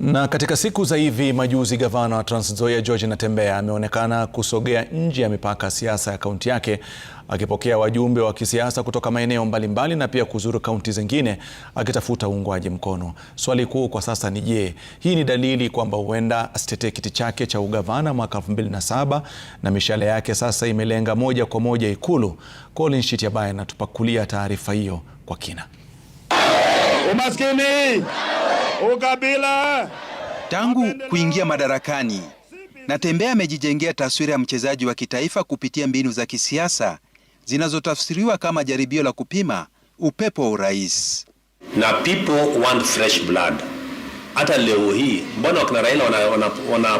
Na katika siku za hivi majuzi, gavana wa Trans Nzoia George Natembeya ameonekana kusogea nje ya mipaka ya siasa ya kaunti yake akipokea wajumbe wa kisiasa kutoka maeneo mbalimbali na pia kuzuru kaunti zingine akitafuta uungwaji mkono. Swali kuu kwa sasa ni je, hii ni dalili kwamba huenda asitetee kiti chake cha ugavana mwaka 2007 na mishale yake sasa imelenga moja kwa moja Ikulu? Colin Shitiabaye anatupakulia taarifa hiyo kwa kina. Umaskini Ukabila. Tangu kuingia madarakani, Natembeya amejijengea taswira ya mchezaji wa kitaifa kupitia mbinu za kisiasa zinazotafsiriwa kama jaribio la kupima upepo wa urais. Na people want fresh blood. Hata leo hii mbona wakina Raila wanarudi wana, wana,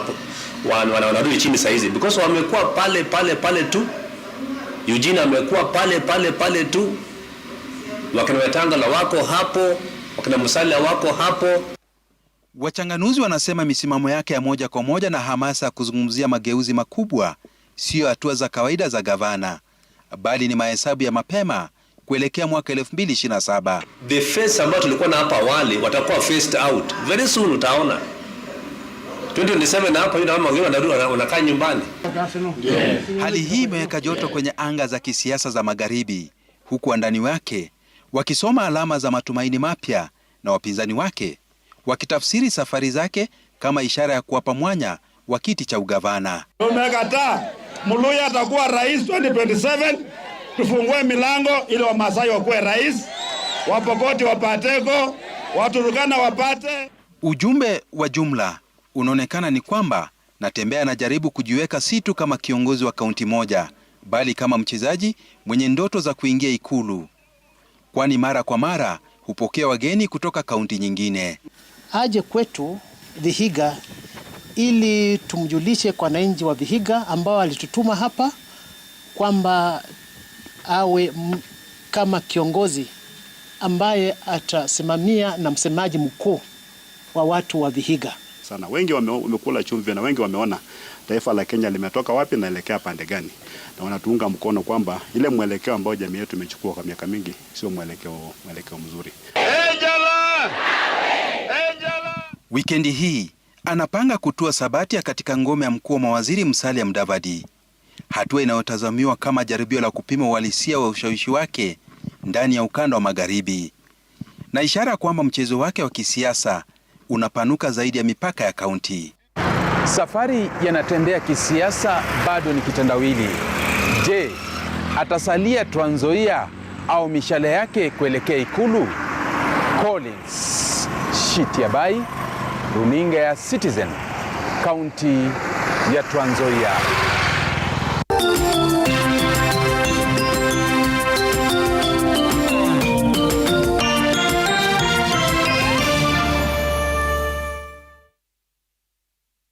wana, wana, wana chini saa because wamekuwa pale pale pale tu. Eugene amekuwa pale pale pale tu, wakina la wako hapo, wakina Musalia wako hapo. Wachanganuzi wanasema misimamo yake ya moja kwa moja na hamasa ya kuzungumzia mageuzi makubwa siyo hatua za kawaida za gavana, bali ni mahesabu ya mapema kuelekea mwaka 2027. The face ambayo tulikuwa na hapa awali watakuwa phased out very soon, utaona 2027 hapa nyumbani. Hali hii imeweka joto kwenye anga za kisiasa za magharibi, huku wandani wake wakisoma alama za matumaini mapya na wapinzani wake wakitafsiri safari zake kama ishara ya kuwapa mwanya wa kiti cha ugavana. Umekataa Muluya atakuwa rais 2027. Tufungue milango ili Wamasai wakuwe rais, Wapokoti wapateko, Waturukana wapate. Ujumbe wa jumla unaonekana ni kwamba Natembeya anajaribu kujiweka si tu kama kiongozi wa kaunti moja, bali kama mchezaji mwenye ndoto za kuingia Ikulu, kwani mara kwa mara hupokea wageni kutoka kaunti nyingine. Aje kwetu Vihiga ili tumjulishe kwa wananchi wa Vihiga ambao alitutuma hapa kwamba awe kama kiongozi ambaye atasimamia na msemaji mkuu wa watu wa Vihiga sana. Wengi wamekula chumvi na wengi wameona taifa la Kenya limetoka wapi na elekea pande gani, na wanatuunga mkono kwamba ile mwelekeo ambao jamii yetu imechukua kwa miaka mingi sio mwelekeo, mwelekeo mzuri. Ejala! Ejala! Wikendi hii anapanga kutua Sabatia katika ngome ya mkuu wa mawaziri Musalia Mudavadi, hatua inayotazamiwa kama jaribio la kupima uhalisia wa ushawishi wake ndani ya ukanda wa Magharibi na ishara kwamba mchezo wake wa kisiasa unapanuka zaidi ya mipaka ya kaunti. Safari yanatembea kisiasa bado ni kitendawili. Je, atasalia Trans Nzoia au mishale yake kuelekea Ikulu? Collins Shitiabai, runinga ya Citizen, kaunti ya Trans Nzoia.